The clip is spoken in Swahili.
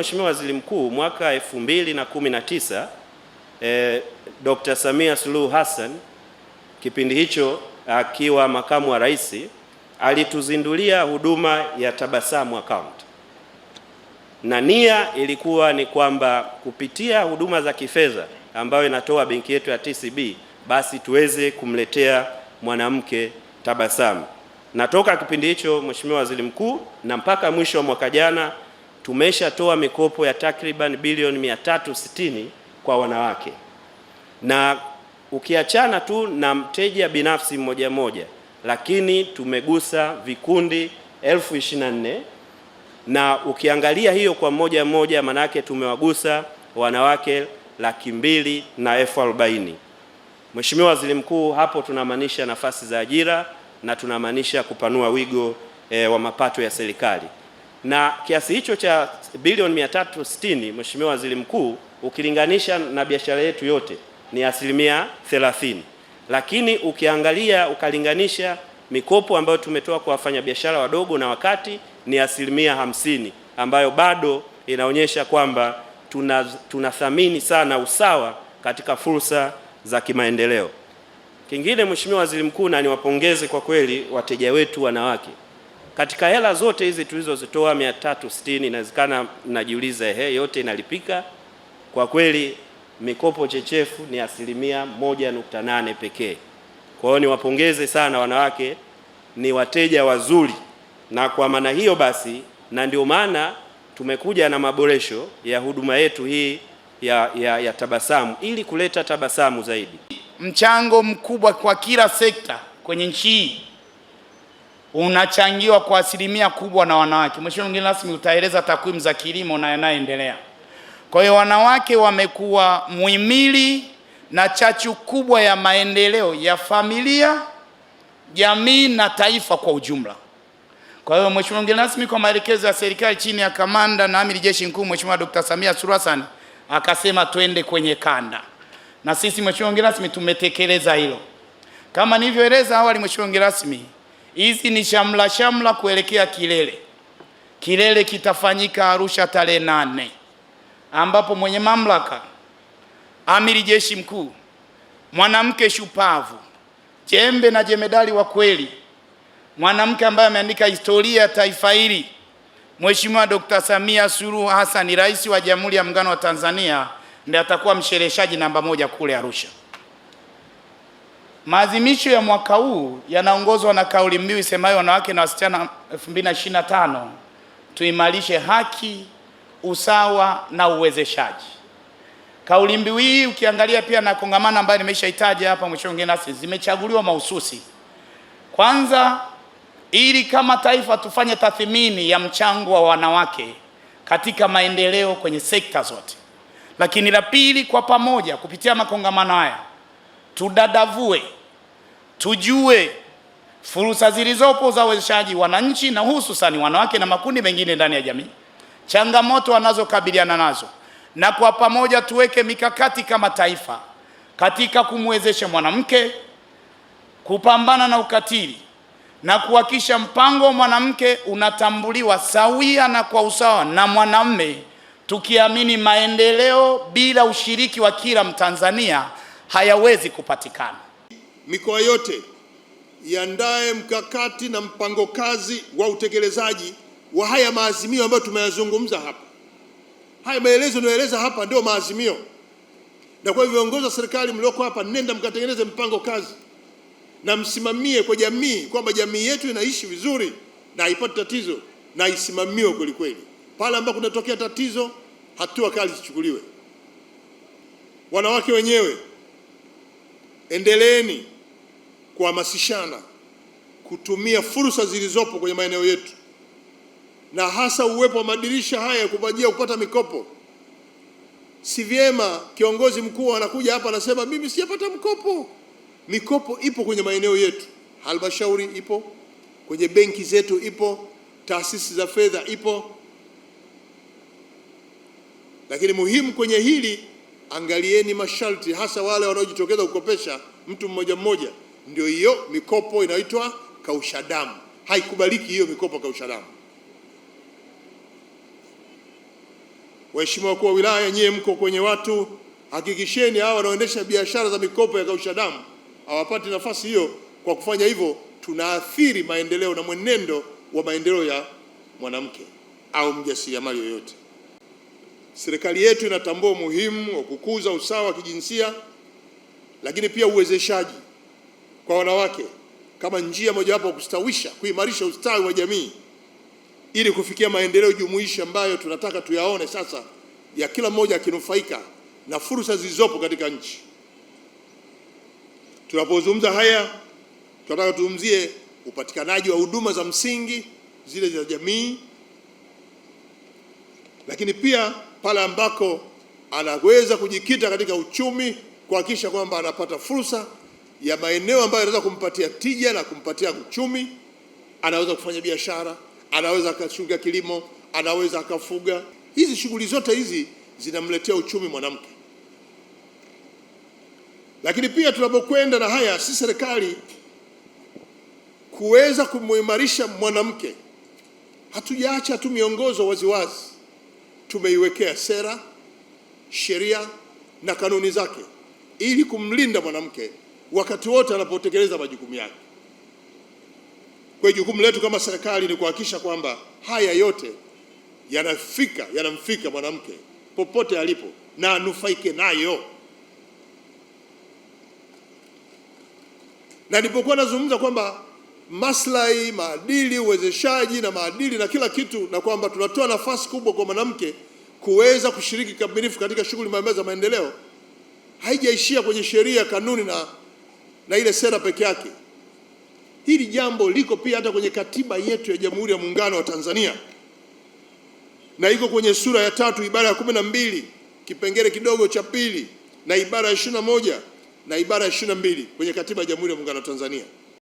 Mheshimiwa Waziri Mkuu, mwaka 2019 eh, Dr. Samia Suluhu Hassan kipindi hicho akiwa makamu wa rais alituzindulia huduma ya Tabasamu account, na nia ilikuwa ni kwamba kupitia huduma za kifedha ambayo inatoa benki yetu ya TCB basi tuweze kumletea mwanamke tabasamu. Na toka kipindi hicho Mheshimiwa Waziri Mkuu, na mpaka mwisho wa mwaka jana tumeshatoa mikopo ya takriban bilioni 360 kwa wanawake, na ukiachana tu na mteja binafsi mmoja mmoja, lakini tumegusa vikundi elfu na nne na ukiangalia hiyo kwa mmoja mmoja, manake tumewagusa wanawake laki mbili na elfu arobaini. Mheshimiwa Waziri Mkuu, hapo tunamaanisha nafasi za ajira na tunamaanisha kupanua wigo e, wa mapato ya serikali na kiasi hicho cha bilioni 360, Mheshimiwa Waziri Mkuu, ukilinganisha na biashara yetu yote ni asilimia 30, lakini ukiangalia ukalinganisha mikopo ambayo tumetoa kwa wafanyabiashara wadogo na wakati ni asilimia 50, ambayo bado inaonyesha kwamba tunathamini tuna sana usawa katika fursa za kimaendeleo. Kingine Mheshimiwa Waziri Mkuu, na niwapongeze kwa kweli wateja wetu wanawake katika hela zote hizi tulizozitoa 360 inawezekana najiuliza, ehe, yote inalipika? Kwa kweli mikopo chechefu ni asilimia 1.8 pekee. Kwa hiyo niwapongeze sana wanawake, ni wateja wazuri, na kwa maana hiyo basi, na ndio maana tumekuja na maboresho ya huduma yetu hii ya, ya, ya tabasamu ili kuleta tabasamu zaidi, mchango mkubwa kwa kila sekta kwenye nchi hii unachangiwa kwa asilimia kubwa na wanawake. Mheshimiwa mgeni rasmi, utaeleza takwimu za kilimo na yanayoendelea. Kwa hiyo wanawake wamekuwa muhimili na chachu kubwa ya maendeleo ya familia, jamii na taifa kwa ujumla. Kwa hiyo Mheshimiwa mgeni rasmi, kwa maelekezo ya serikali chini ya kamanda na amiri jeshi mkuu Mheshimiwa Dr. Samia Suluhu Hassan akasema twende kwenye kanda, na sisi Mheshimiwa mgeni rasmi tumetekeleza hilo kama nilivyoeleza awali. Mheshimiwa mgeni rasmi Hizi ni shamla shamla kuelekea kilele. Kilele kitafanyika Arusha tarehe nane, ambapo mwenye mamlaka amiri jeshi mkuu, mwanamke shupavu, jembe na jemedali wa kweli, mwanamke ambaye ameandika historia ya taifa hili, Mheshimiwa Dr. Samia Suluhu Hassan, rais wa Jamhuri ya Muungano wa Tanzania, ndiye atakuwa mshereheshaji namba moja kule Arusha. Maadhimisho ya mwaka huu yanaongozwa na kauli mbiu isemayo wanawake na wasichana 2025 tuimarishe haki, usawa na uwezeshaji. Kauli mbiu hii ukiangalia pia na kongamano ambayo nimeshahitaji hapa mwisho, nasi zimechaguliwa mahususi, kwanza ili kama taifa tufanye tathmini ya mchango wa wanawake katika maendeleo kwenye sekta zote, lakini la pili, kwa pamoja kupitia makongamano haya tudadavue tujue fursa zilizopo za uwezeshaji wananchi na hususani wanawake na makundi mengine ndani ya jamii, changamoto wanazokabiliana nazo, na kwa pamoja tuweke mikakati kama taifa katika kumwezesha mwanamke kupambana na ukatili na kuhakikisha mpango wa mwanamke unatambuliwa sawia na kwa usawa na mwanamme, tukiamini maendeleo bila ushiriki wa kila Mtanzania hayawezi kupatikana mikoa yote iandae mkakati na mpango kazi wa utekelezaji wa haya maazimio ambayo tumeyazungumza hapa. Haya maelezo niyoeleza hapa ndio maazimio, na kwa hivyo viongozi wa serikali mlioko hapa, nenda mkatengeneze mpango kazi na msimamie kwa jamii kwamba jamii yetu inaishi vizuri na haipati tatizo na isimamiwe kweli kweli. Pale ambapo kunatokea tatizo, hatua kali zichukuliwe. Wanawake wenyewe, endeleeni kuhamasishana kutumia fursa zilizopo kwenye maeneo yetu na hasa uwepo wa madirisha haya ya kuvajia kupata mikopo. Si vyema kiongozi mkuu anakuja hapa anasema mimi sijapata mkopo. Mikopo ipo kwenye maeneo yetu, halmashauri ipo, kwenye benki zetu ipo, taasisi za fedha ipo. Lakini muhimu kwenye hili, angalieni masharti, hasa wale wanaojitokeza kukopesha mtu mmoja mmoja ndio hiyo mikopo inaitwa kausha damu. Haikubaliki hiyo mikopo kausha damu. Waheshimiwa wakuu wa wilaya, nyie mko kwenye watu, hakikisheni hawa wanaoendesha biashara za mikopo ya kausha damu hawapati nafasi hiyo. Kwa kufanya hivyo, tunaathiri maendeleo na mwenendo wa maendeleo ya mwanamke au mjasiriamali yoyote. Serikali yetu inatambua umuhimu wa kukuza usawa wa kijinsia, lakini pia uwezeshaji kwa wanawake kama njia mojawapo ya kustawisha, kuimarisha ustawi wa jamii ili kufikia maendeleo jumuishi ambayo tunataka tuyaone sasa ya kila mmoja akinufaika na fursa zilizopo katika nchi. Tunapozungumza haya, tunataka tuzungumzie upatikanaji wa huduma za msingi zile za jamii, lakini pia pale ambako anaweza kujikita katika uchumi, kuhakikisha kwamba anapata fursa ya maeneo ambayo yanaweza kumpatia tija na kumpatia uchumi. Anaweza kufanya biashara, anaweza akashughulikia kilimo, anaweza akafuga. Hizi shughuli zote hizi zinamletea uchumi mwanamke. Lakini pia tunapokwenda na haya, si serikali kuweza kumuimarisha mwanamke, hatujaacha tu miongozo waziwazi, tumeiwekea sera, sheria na kanuni zake ili kumlinda mwanamke wakati wote anapotekeleza majukumu yake. Kwa jukumu letu kama serikali ni kuhakikisha kwamba haya yote yanafika yanamfika mwanamke popote alipo na anufaike nayo. Na nilipokuwa nazungumza kwamba maslahi, maadili, uwezeshaji na maadili na kila kitu, na kwamba tunatoa nafasi kubwa kwa mwanamke kuweza kushiriki kikamilifu katika shughuli mbalimbali za maendeleo, haijaishia kwenye sheria, kanuni na na ile sera peke yake. Hili jambo liko pia hata kwenye katiba yetu ya Jamhuri ya Muungano wa Tanzania na iko kwenye sura ya tatu ibara ya kumi na mbili kipengele kidogo cha pili na ibara ya ishirini na moja na ibara ya ishirini na mbili kwenye katiba ya Jamhuri ya Muungano wa Tanzania.